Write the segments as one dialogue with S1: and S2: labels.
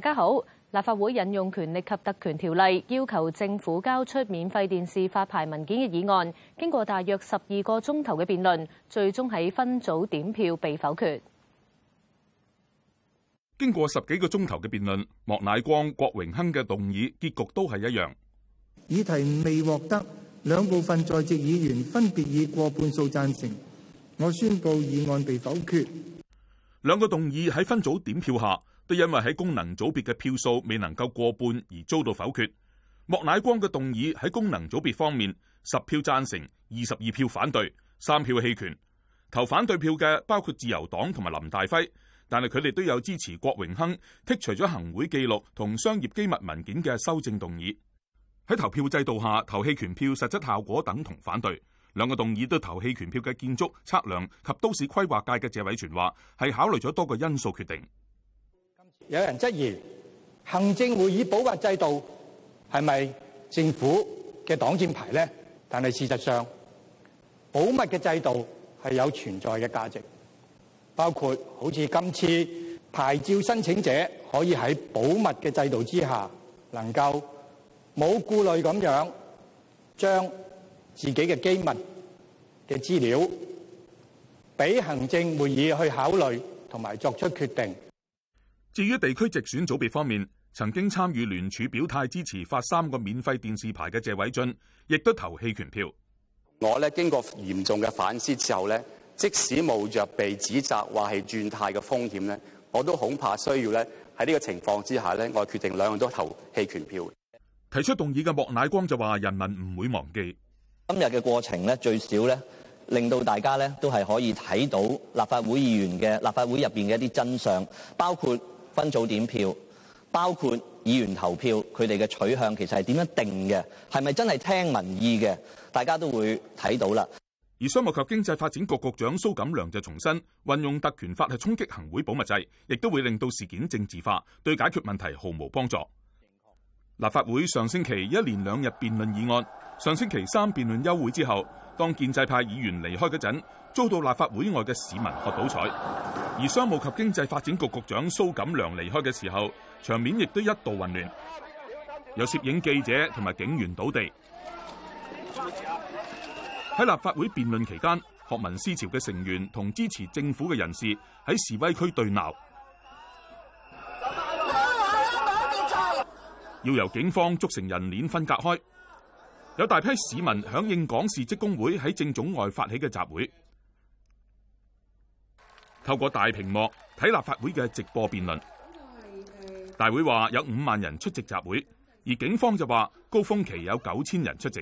S1: 大家好，立法會引用權力及特權條例要求政府交出免費電視發牌文件嘅議案，經過大約十二個鐘頭嘅辯論，最終喺分組點票被否決。
S2: 經過十幾個鐘頭嘅辯論，莫乃光、郭榮鏗嘅動議結局都係一樣。
S3: 議題未獲得兩部分在席議員分別以過半數贊成，我宣布議案被否決。兩
S2: 個動議喺分組點票下。都因為喺功能組別嘅票數未能夠過半而遭到否決。莫乃光嘅動議喺功能組別方面十票贊成，二十二票反對，三票棄權。投反對票嘅包括自由黨同埋林大輝，但係佢哋都有支持郭榮鏗剔除咗行會記錄同商業機密文件嘅修正動議。喺投票制度下，投棄權票實質效果等同反對。兩個動議都投棄權票嘅建築測量及都市規劃界嘅謝偉銓話係考慮咗多個因素決定。
S4: 有人質疑行政會議保密制度係咪政府嘅黨戰牌呢？但係事實上，保密嘅制度係有存在嘅價值，包括好似今次牌照申請者可以喺保密嘅制度之下，能夠冇顧慮咁樣將自己嘅機密嘅資料俾行政會議去考慮同埋作
S2: 出決定。至於地區直選組別方面，曾經參與聯署表態支持發三個免費電視牌嘅謝偉俊，亦都投棄權票。
S3: 我咧經過嚴重嘅反思之後咧，即使冒着被指責話係轉態嘅風險咧，我都恐怕需要咧喺呢個情況之下咧，我決定兩個都投棄權票。
S2: 提出動議嘅莫乃光就話：人民唔會忘記
S5: 今日嘅過程咧，最少咧令到大家咧都係可以睇到立法會議員嘅立法會入邊嘅一啲真相，包括。分組點票，包括議員投票，佢哋嘅取向其實係點樣定嘅？係咪真係聽民意嘅？大家都會睇到啦。
S2: 而商務及經濟發展局局長蘇錦樑就重申，運用特權法去衝擊行會保密制，亦都會令到事件政治化，對解決問題毫無幫助。立法會上星期一連兩日辯論議案，上星期三辯論休會之後，當建制派議員離開嗰陣。遭到立法會外嘅市民喝倒彩，而商務及經濟發展局局，局長蘇錦良離開嘅時候，場面亦都一度混亂，有攝影記者同埋警員倒地。喺立法會辯論期間，學民思潮嘅成員同支持政府嘅人士喺示威區對鬧，要由警方組成人鏈分隔開。有大批市民響應港視職工會喺政總外發起嘅集會。透過大屏幕睇立法會嘅直播辯論。大會話有五萬人出席集會，而警方就話高峰期有九千人出席。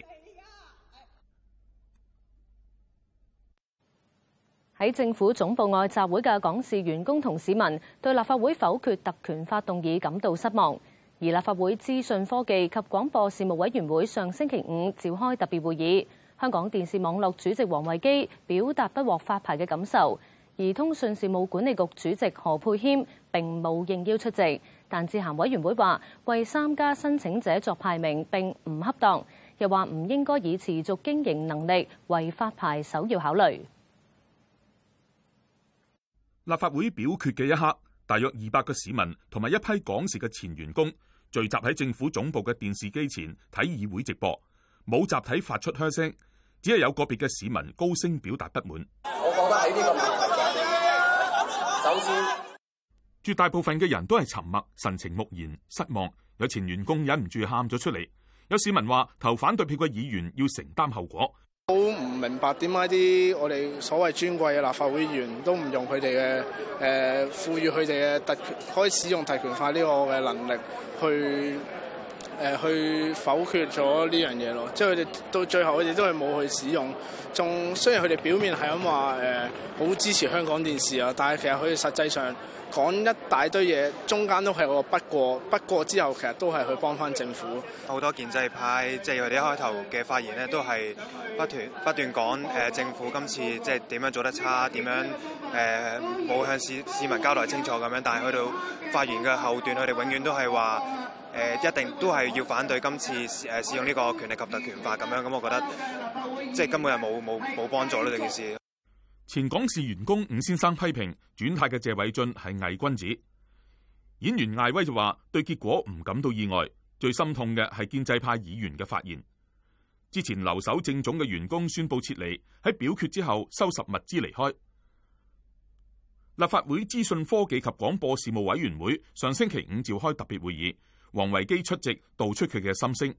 S1: 喺政府總部外集會嘅港視員工同市民對立法會否決特權法動議感到失望。而立法會資訊科技及廣播事務委員會上星期五召開特別會議，香港電視網絡主席王維基表達不獲發牌嘅感受。而通訊事務管理局主席何佩謙並冇應邀出席，但諮詢委員會話為三家申請者作排名並唔恰當，又話唔應該以持續經營能力為發牌首要考慮。
S2: 立法會表決嘅一刻，大約二百個市民同埋一批港視嘅前員工聚集喺政府總部嘅電視機前睇議會直播，冇集體發出嘘聲，只係有個別嘅市民高聲表達不滿。我覺得喺呢個首先，絕大部分嘅人都係沉默、神情木然、失望。有前員工忍唔住喊咗出嚟。有市民話：投反對票嘅議員要承擔後果。好唔明白
S4: 點解啲我哋所謂尊貴嘅立法會議員都唔用佢哋嘅誒賦予佢哋嘅特權，可以使用特權法呢個嘅能力去。誒去否決咗呢樣嘢咯，即係佢哋到最後，佢哋都係冇去使用。仲雖然佢哋表面係咁話誒好支持香港電視啊，但係其實佢哋實際上講一大堆嘢，中間都係有個不過，不過之後其實都係去幫翻政府。
S3: 好多建制派，即係佢哋一開頭嘅發言呢，都係不斷不斷講誒、呃、政府今次即係點樣做得差，點樣誒冇、呃、向市市民交代清楚咁樣。但係去到發言嘅後段，佢哋永遠都係話。誒、呃、一定都係要反對今次誒使、呃、使用呢個權力及特權法咁樣咁，我覺得即係根本係冇冇冇幫助咯。呢件事
S2: 前港視員工伍先生批評轉軚嘅謝偉俊係偽君子。演員艾威就話：對結果唔感到意外，最心痛嘅係建制派議員嘅發言。之前留守政總嘅員工宣布撤離喺表決之後，收拾物資離開。立法會資訊科技及廣播事務委員會上星期五召開特別會議。王維基出席，道出佢
S5: 嘅心聲。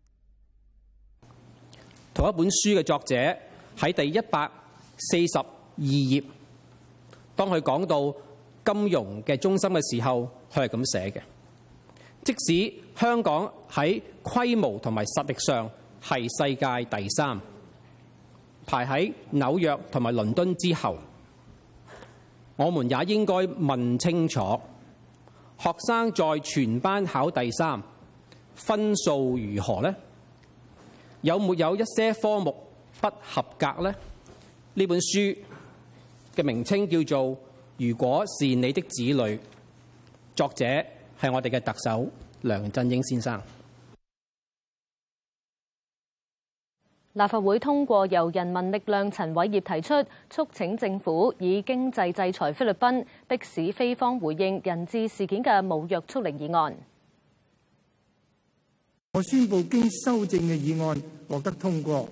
S5: 同一本書嘅作者喺第一百四十二頁，當佢講到金融嘅中心嘅時候，佢係咁寫嘅：即使香港喺規模同埋實力上係世界第三，排喺紐約同埋倫敦之後，我們也應該問清楚。學生在全班考第三，分數如何呢？有沒有一些科目不合格呢？呢本書嘅名稱叫做《如果是你的子女》，作者係我哋嘅特首梁振英先生。
S1: 立法會通過由人民力量陳偉業提出促請政府以經濟制裁菲律賓，迫使菲方回應人質事件嘅冇約束力議案。
S4: 我宣布經修正嘅議案獲得通過。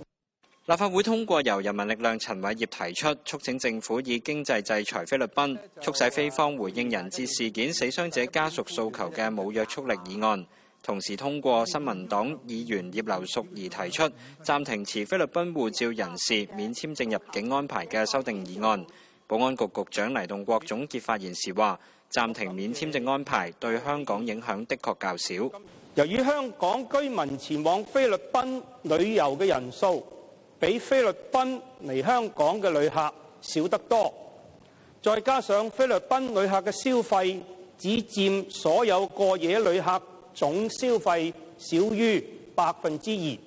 S5: 立法會通過由人民力量陳偉業提出促請政府以經濟制裁菲律賓，促使菲方回應人質事件死傷者家屬訴求嘅冇約束力議案。同時通過新民黨議員葉劉淑儀提出暫停持菲律賓護照人士免簽證入境安排嘅修訂議案。保安局局長黎棟國總結發言時話：暫停免簽證安排對香港影響的確較少。由於香港居民前往菲律賓旅遊嘅人數比菲律賓嚟香
S3: 港嘅旅客少得多，再加上菲律賓旅客嘅消費只佔所有過夜旅客。總消費少於
S5: 百分之二，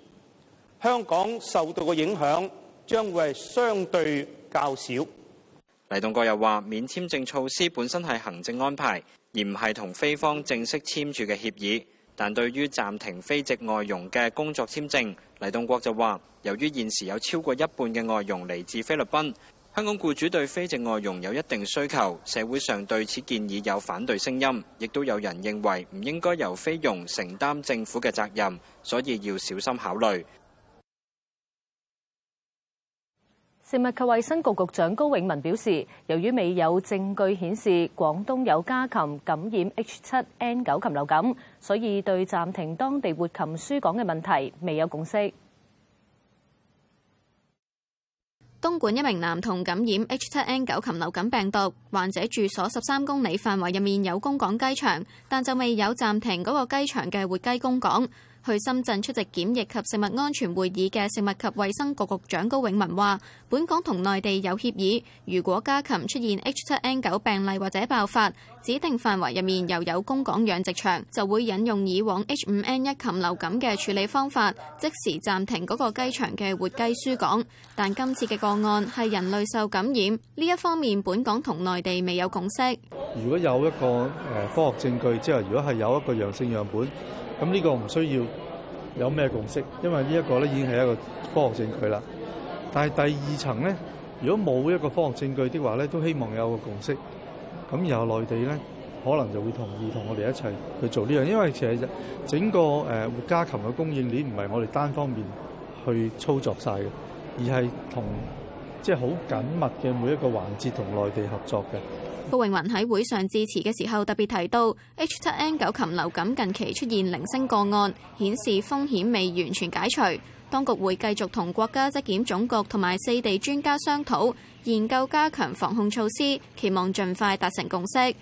S5: 香港受到嘅影響將會係相對較少。黎棟國又話：免簽證措施本身係行政安排，而唔係同菲方正式簽署嘅協議。但對於暫停非籍外傭嘅工作簽證，黎棟國就話，由於現時有超過一半嘅外傭嚟自菲律賓。香港僱主對非正外傭有一定需求，社會上對此建議有反對聲音，亦都有人認為唔應該由菲傭承擔政府嘅責任，所以要小心考慮。
S1: 食物及衞生局局長高永文表示，由於未有證據顯示廣東有家禽感染 H7N9 禽流感，所以對暫停當地活禽輸港嘅問題未有共識。
S6: 東莞一名男童感染 H7N9 禽流感病毒，患者住所十三公里範圍入面有供港雞場，但就未有暫停嗰個雞場嘅活雞供港。去深圳出席檢疫及食物安全會議嘅食物及衛生局局長高永文話，本港同內地有協議，如果家禽出現 H 七 N 九病例或者爆發，指定範圍入面又有供港養殖場，就會引用以往 H 五 N 一禽流感嘅處理方法，即時暫停嗰個雞場嘅活雞輸港。但今次嘅個案係人類受感染，呢一方面本港同內地未有共識，
S4: 如果有一個誒科學證據，即係如果係有一個陽性樣本。咁呢個唔需要有咩共識，因為呢一個咧已經係一個科學證據啦。但係第二層咧，如果冇一個科學證據的話咧，都希望有個共識。咁然後內地咧，可能就會同意同我哋一齊去做呢樣，因為其實整個誒家禽嘅供應鏈唔係我哋單方面去操作晒嘅，而係同即係好緊密嘅每一個環節同內地合作嘅。
S6: 高永文喺會上致辭嘅時候特別提到，H7N9 禽流感近期出現零星個案，顯示風險未完全解除。當局會繼續同國家質檢總局同埋四地專家商討，研究加強防控措施，期望盡快達成共識。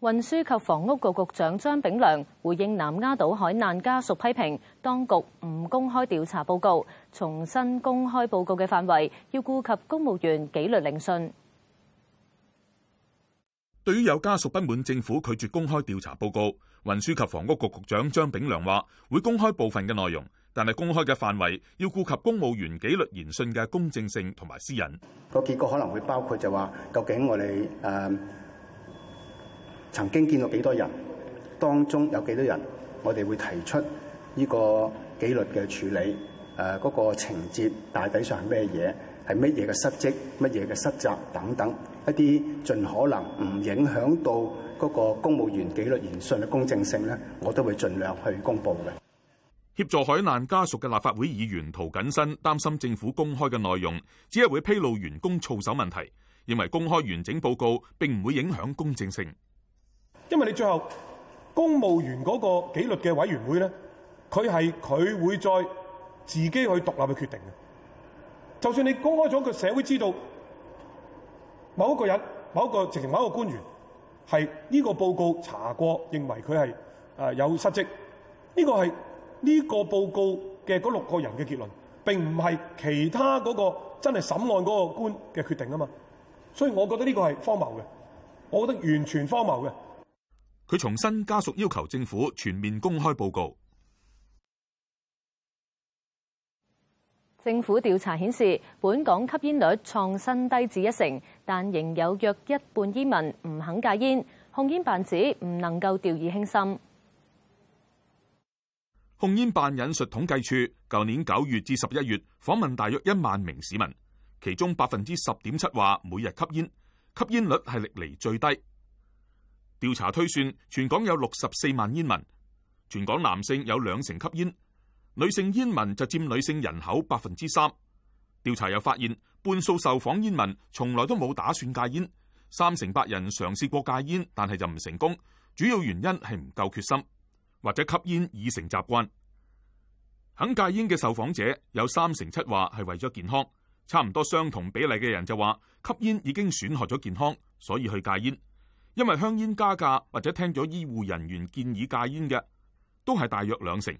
S6: 運輸及房屋局局
S1: 長張炳良回應南丫島海難家屬批評當局唔公開調查報告，重新公開報告嘅範圍要顧及公務員紀律聆訊。
S2: 對於有家屬不滿政府拒絕公開調查報告，運輸及房屋局局長張炳良話會公開部分嘅內容，但係公開嘅範圍要顧及公務員紀律聆訊嘅公正性同埋私隱。
S3: 個結果可能會包括就話究竟我哋誒。呃曾經見到幾多人，當中有幾多人，我哋會提出呢個紀律嘅處理。誒、呃，嗰、這個情節大體上係咩嘢？係乜嘢嘅失職？乜嘢嘅失責等等一啲，盡可能唔影響到嗰個公務員紀律聆訊嘅公正性呢，我都會盡量去公布嘅。
S2: 協助海難家屬嘅立法會議員涂謹申擔心政府公開嘅內容只係會披露員工操守問題，認為公開完整報告並唔會影響公正性。因為你最後公務員嗰個紀律嘅委員會咧，佢係佢會再自己去獨立去決定嘅。就算你公開咗，個社會知道某一個人、某一個直情某一個官員係呢個報告查過，認為佢係有失職。呢、呢個係呢個報告嘅嗰六個人嘅結論，並唔係其他嗰個真係審案嗰個官嘅決定啊嘛。所以我覺得呢個係荒謬嘅，我覺得完全荒謬嘅。佢重申，家屬要求政府全面公開報告。
S1: 政府調查顯示，本港吸煙率創新低至一成，但仍有約一半煙民唔肯戒煙，控煙辦指唔能夠掉以輕心。
S2: 控煙辦引述統計處舊年九月至十一月訪問大約一萬名市民，其中百分之十點七話每日吸煙，吸煙率係歷嚟最低。調查推算，全港有六十四萬煙民，全港男性有兩成吸煙，女性煙民就佔女性人口百分之三。調查又發現，半數受訪煙民從來都冇打算戒煙，三成八人嘗試過戒煙，但係就唔成功，主要原因係唔夠決心，或者吸煙已成習慣。肯戒煙嘅受訪者有三成七話係為咗健康，差唔多相同比例嘅人就話吸煙已經損害咗健康，所以去戒煙。因為香煙加價或者聽咗醫護人員建議戒煙嘅，都係大約兩成。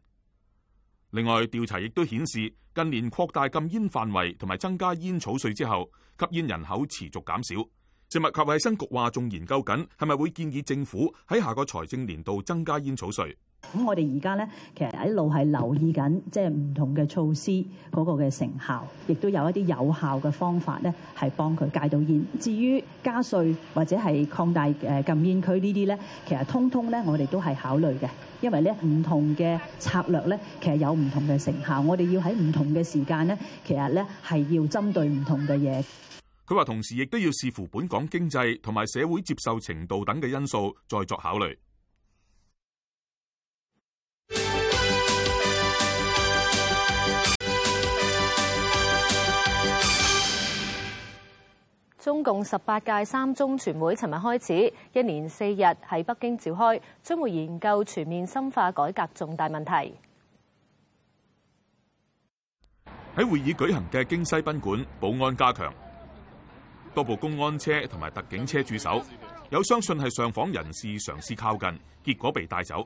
S2: 另外調查亦都顯示，近年擴大禁煙範，範圍同埋增加煙草稅之後，吸煙人口持續減少。食物及衛生局話仲研究緊係咪會建議政府喺下個財政年度增加煙草稅。
S7: 咁我哋而家咧，其實一路係留意緊，即係唔同嘅措施嗰個嘅成效，亦都有一啲有效嘅方法咧，係幫佢戒到煙。至於加稅或者係擴大誒禁煙區呢啲咧，其實通通咧我哋都係考慮嘅，因為咧唔同嘅策略咧，其實有唔同嘅成效。我哋要喺唔同嘅時間咧，其實咧係要針對唔同嘅嘢。
S2: 佢話同時亦都要視乎本港經濟同埋社會接受程度等嘅因素，再作考慮。
S1: 中共十八屆三中全會尋日開始，一連四日喺北京召開，將會研究全面深化改革重大問題。
S2: 喺會議舉行嘅京西賓館，保安加強，多部公安車同埋特警車駐守，有相信係上訪人士嘗試靠近，結果被帶走。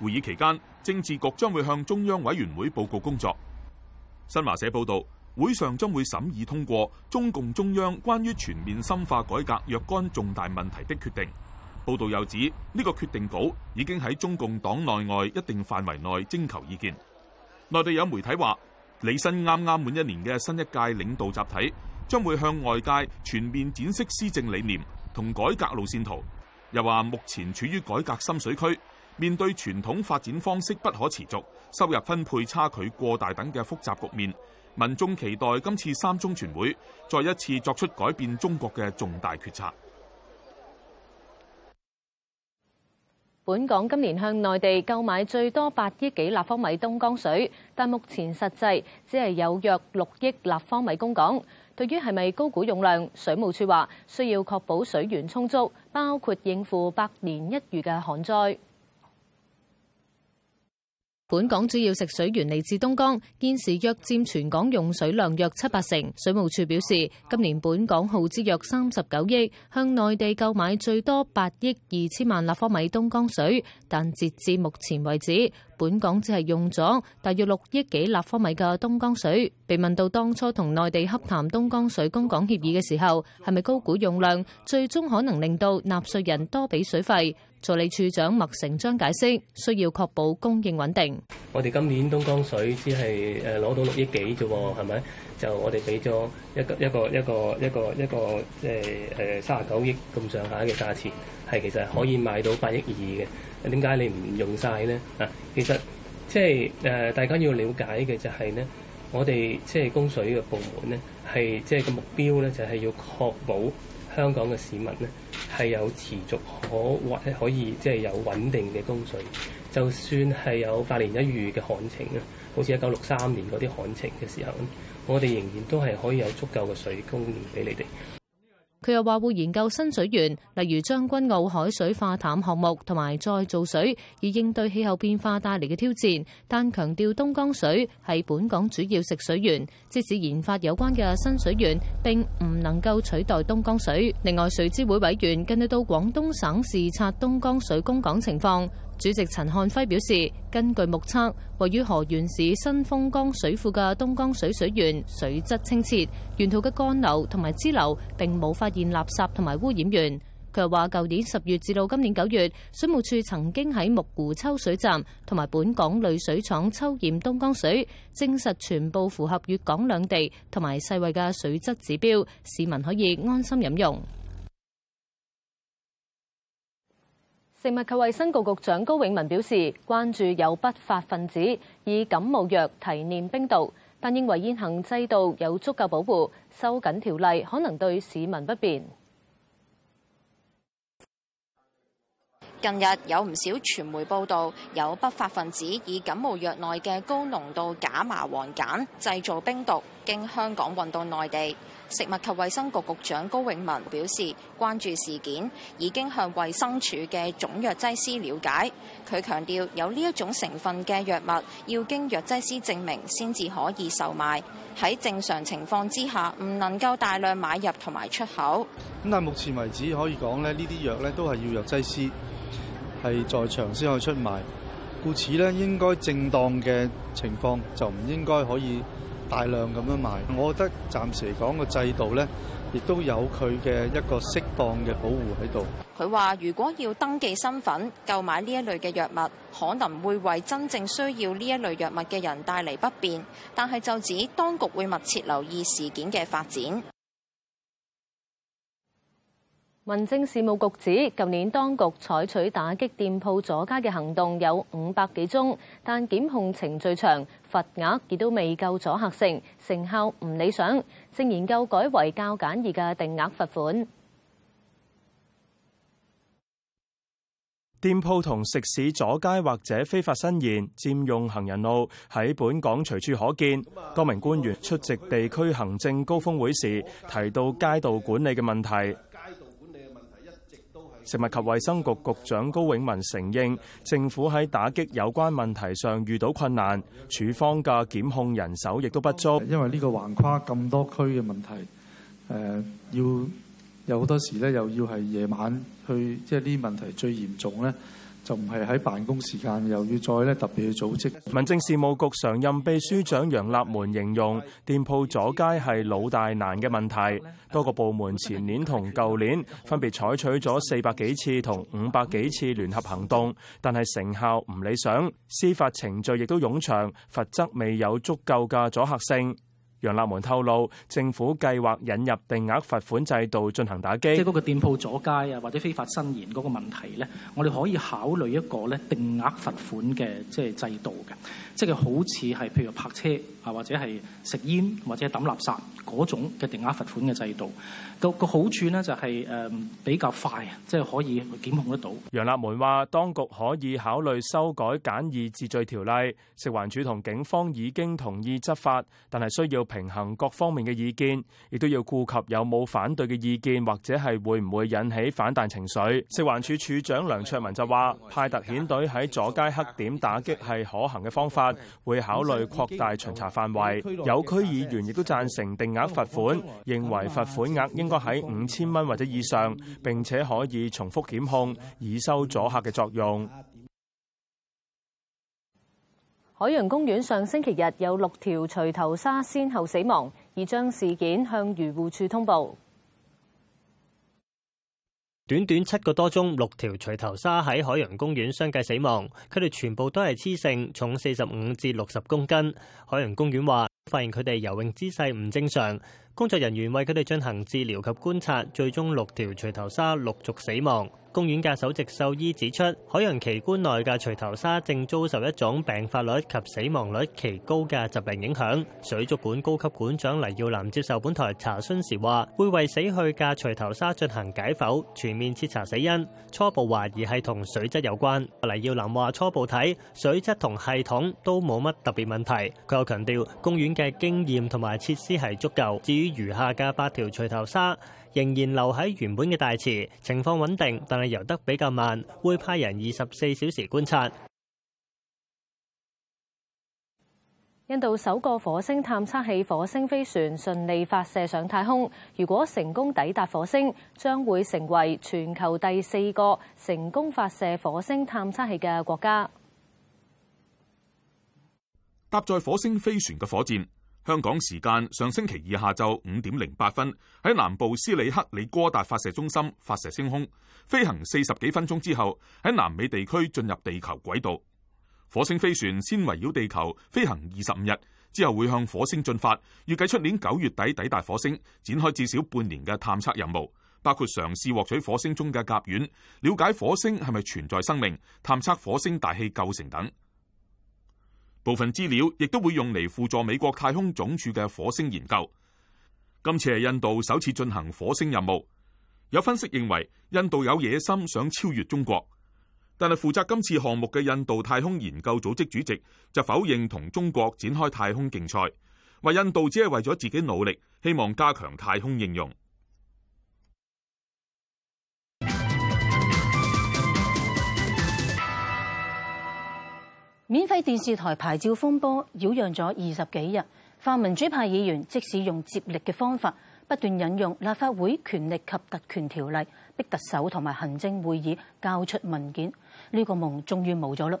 S2: 會議期間，政治局將會向中央委員會報告工作。新華社報道。會上將會審議通過中共中央關於全面深化改革若干重大問題的決定。報道又指呢、這個決定稿已經喺中共黨內外一定範圍內徵求意見。內地有媒體話，履新啱啱滿一年嘅新一屆領導集體將會向外界全面展示施政理念同改革路線圖。又話目前處於改革深水區，面對傳統發展方式不可持續、收入分配差距過大等嘅複雜局面。民眾期待今次三中全會再一次作出改變中國嘅重大決策。
S1: 本港今年向內地購買最多八億幾立方米東江水，但目前實際只係有約六億立方米供港。對於係咪高估用量，水務署話需要確保水源充足，包括應付百年一遇嘅旱災。本港主要食水源嚟自東江，現時約佔全港用水量約七八成。水務署表示，今年本港耗資約三十九億，向內地購買最多八億二千萬立方米東江水，但截至目前為止，本港只係用咗大約六億幾立方米嘅東江水。被問到當初同內地洽談東江水供港協議嘅時候，係咪高估用量，最終可能令到納稅人多俾水費？助理處長麥成章解釋，需要確保供應穩定。
S3: 我哋今年東江水只係誒攞到六億幾啫，係咪？就我哋俾咗一個一個一個一個一個即係誒三十九億咁上下嘅價錢，係、呃、其實係可以買到八億二嘅。點解你唔用晒咧？啊，其實即係誒大家要了解嘅就係、是、咧，我哋即係供水嘅部門咧，係即係個目標咧，就係要確保香港嘅市民咧。係有持續可或者可以即係、就是、有穩定嘅供水，就算係有八年一遇嘅旱情啊，好似一九六三年嗰啲旱情嘅時候，我哋仍然都係可以有足夠嘅水供應俾你哋。
S1: 佢又話會研究新水源，例如將軍澳海水化淡項目同埋再造水，以應對氣候變化帶嚟嘅挑戰。但強調東江水係本港主要食水源，即使研發有關嘅新水源，並唔能夠取代東江水。另外，水諮會委員近日到廣東省視察東江水供港情況。主席陳漢輝表示，根據目測，位於河源市新豐江水庫嘅東江水水源水質清澈，沿途嘅幹流同埋支流並冇發現垃圾同埋污染源。佢又話，舊年十月至到今年九月，水務署曾經喺木湖抽水站同埋本港濾水廠抽驗東江水，證實全部符合粵港兩地同埋世衛嘅水質指標，市民可以安心飲用。食物及衛生局局長高永文表示，關注有不法分子以感冒藥提煉冰毒，但認為現行制度有足夠保護，收緊條例可能對市民不便。
S7: 近日有唔少傳媒報道，有不法分子以感冒藥內嘅高濃度假麻黃鹼製造冰毒，經香港運到內地。食物及衛生局局長高永文表示關注事件，已經向衛生署嘅總藥劑師了解。佢強調有呢一種成分嘅藥物，要經藥劑師證明先至可以售賣。喺正常情況之下，唔能夠大量買入同埋出口。
S4: 咁但目前為止可以講咧，呢啲藥咧都係要藥劑師係在場先可以出賣，故此咧應該正當嘅情況就唔應該可以大量咁樣賣，我覺得暫時嚟講個制度呢，亦都有佢嘅一個適當嘅保護喺度。
S7: 佢話：如果要登記身份購買呢一類嘅藥物，可能會為真正需要呢一類藥物嘅人帶嚟不便。但係就指當局會密切留意事件嘅發展。
S1: 民政事務局指，近年當局採取打擊店鋪阻街嘅行動有五百幾宗，但檢控程序長，罰額亦都未夠阻吓性，成效唔理想，正研究改為較簡易嘅定額罰款。
S3: 店鋪同食肆阻街或者非法新言佔用行人路，喺本港隨處可見。多名官員出席地區行政高峰會時提到街道管理嘅問題。食物及衛生局局長高永文承認，政府喺打擊有關問題上遇到困難，處方嘅檢控人手亦都不足，因
S4: 為呢個橫跨咁多區嘅問題，誒，要有好多時咧，又要係夜晚去，即係呢啲問題最嚴重咧。就唔
S3: 係喺辦公時間，又要再咧特別去組織。民政事務局常任秘書長楊立門形容，店鋪阻街係老大難嘅問題。多個部門前年同舊年分別採取咗四百幾次同五百幾次聯合行動，但係成效唔理想，司法程序亦都冗長，罰則未有足夠嘅阻嚇性。楊立門透露，政府計劃引入定額罰款制度進行打擊。即係嗰個店鋪阻街啊，或者非法伸延嗰個問題咧，我哋可以考慮一個咧定額罰款嘅即係制度嘅，即係好似係譬如泊車啊，或者係食煙或者抌垃圾嗰種嘅定額罰款嘅制度。個個好處咧就係誒比較快啊，即係可以檢控得到。楊立門話，當局可以考慮修改簡易治罪條例。食環署同警方已經同意執法，但係需要平衡各方面嘅意見，亦都要顧及有冇反對嘅意見，或者係會唔會引起反彈情緒。食環署署長梁卓文就話，派特遣隊喺阻街黑點打擊係可行嘅方法，會考慮擴大巡查範圍。嗯、有區議員亦都贊成定額罰款，認為罰款額應該喺五千蚊或者以上，並且可以重複檢控，以收阻嚇嘅作用。
S1: 海洋公園上星期日有六條鎚頭鯊先後死亡，已將事件向漁護署通報。
S5: 短短七個多鐘，六條鎚頭鯊喺海洋公園相繼死亡，佢哋全部都係雌性，重四十五至六十公斤。海洋公園話發現佢哋游泳姿勢唔正常。工作人員為佢哋進行治療及觀察，最終六條錘頭鯊陸續死亡。公園嘅首席獸醫指出，海洋奇觀內嘅錘頭鯊正遭受一種病發率及死亡率奇高嘅疾病影響。水族館高級館長黎耀南接受本台查詢時話，會為死去嘅錘頭鯊進行解剖，全面徹查死因。初步懷疑係同水質有關。黎耀南話初步睇，水質同系統都冇乜特別問題。佢又強調，公園嘅經驗同埋設施係足夠，至於餘下嘅八條鎚頭鯊仍然留喺原本嘅大池，情況穩定，但係游得比較慢，會派人二十四小時觀察。
S1: 印度首個火星探測器火星飛船順利發射上太空，如果成功抵達火星，將會成為全球第四個成功發射火星探測器嘅國家。
S2: 搭載火星飛船嘅火箭。香港時間上星期二下晝五點零八分，喺南部斯里克里哥達發射中心發射升空，飛行四十幾分鐘之後，喺南美地區進入地球軌道。火星飛船先圍繞地球飛行二十五日，之後會向火星進發，預計出年九月底抵達火星，展開至少半年嘅探測任務，包括嘗試獲取火星中嘅甲烷，了解火星係咪存在生命，探測火星大氣構成等。部分資料亦都會用嚟輔助美國太空總署嘅火星研究。今次係印度首次進行火星任務，有分析認為印度有野心想超越中國，但係負責今次項目嘅印度太空研究組織主席就否認同中國展開太空競賽，話印度只係為咗自己努力，希望加強太空應用。
S7: 免費電視台牌照風波擾攘咗二十幾日，泛民主派議員即使用接力嘅方法，不斷引用立法會權力及特權條例，逼特首同埋行政會議交出文件，呢個夢終於冇咗啦。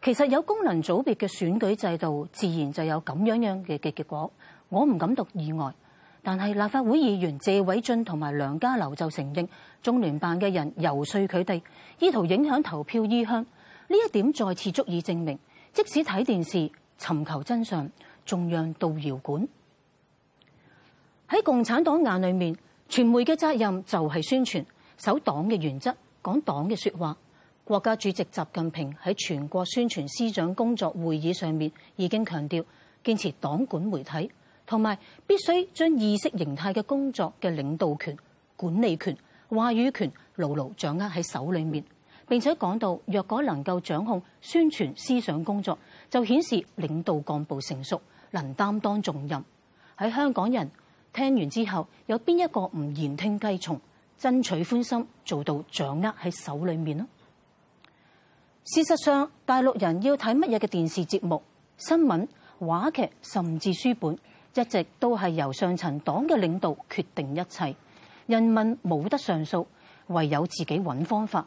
S7: 其實有功能組別嘅選舉制度，自然就有咁樣樣嘅嘅結果。我唔感到意外，但係立法會議員謝偉俊同埋梁家騮就承認，中聯辦嘅人遊說佢哋，意圖影響投票意向。呢一點再次足以證明，即使睇電視尋求真相，仲讓到搖管。喺共產黨眼裏面，傳媒嘅責任就係宣傳，守黨嘅原則，講黨嘅說話。國家主席習近平喺全國宣傳思想工作會議上面已經強調，堅持黨管媒體，同埋必須將意識形態嘅工作嘅領導權、管理權、話語權牢牢掌握喺手裏面。並且講到，若果能夠掌控宣傳思想工作，就顯示領導幹部成熟，能擔當重任。喺香港人聽完之後，有邊一個唔言聽計從，爭取歡心，做到掌握喺手裏面呢？事實上，大陸人要睇乜嘢嘅電視節目、新聞、話劇，甚至書本，一直都係由上層黨嘅領導決定一切，人民冇得上訴，唯有自己揾方法。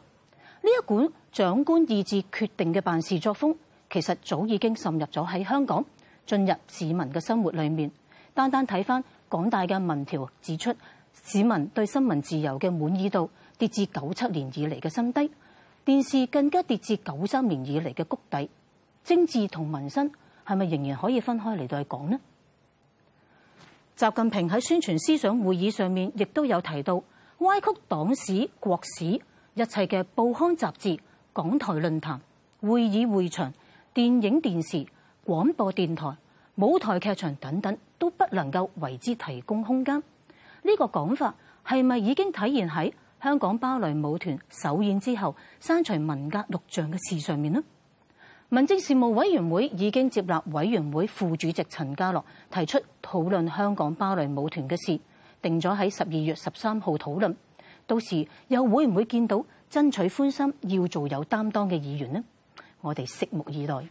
S7: 呢一股長官意志決定嘅辦事作風，其實早已經滲入咗喺香港進入市民嘅生活裏面。單單睇返港大嘅民調指出，市民對新聞自由嘅滿意度跌至九七年以嚟嘅新低，電視更加跌至九三年以嚟嘅谷底。政治同民生係咪仍然可以分開嚟到嚟講呢？習近平喺宣傳思想會議上面亦都有提到，歪曲黨史國史。一切嘅報刊雜誌港台論壇會議會場、電影電視廣播電台、舞台劇場等等都不能夠為之提供空間。呢、呢個講法係咪已經體現喺香港芭蕾舞團首演之後刪除文革錄像嘅事上面呢？民政事務委員會已經接納委員會副主席陳家洛提出討論香港芭蕾舞團嘅事，定咗喺十二月十三號討論。到時又會唔會見到爭取歡心、要做有擔當嘅議員呢？我哋拭目以待。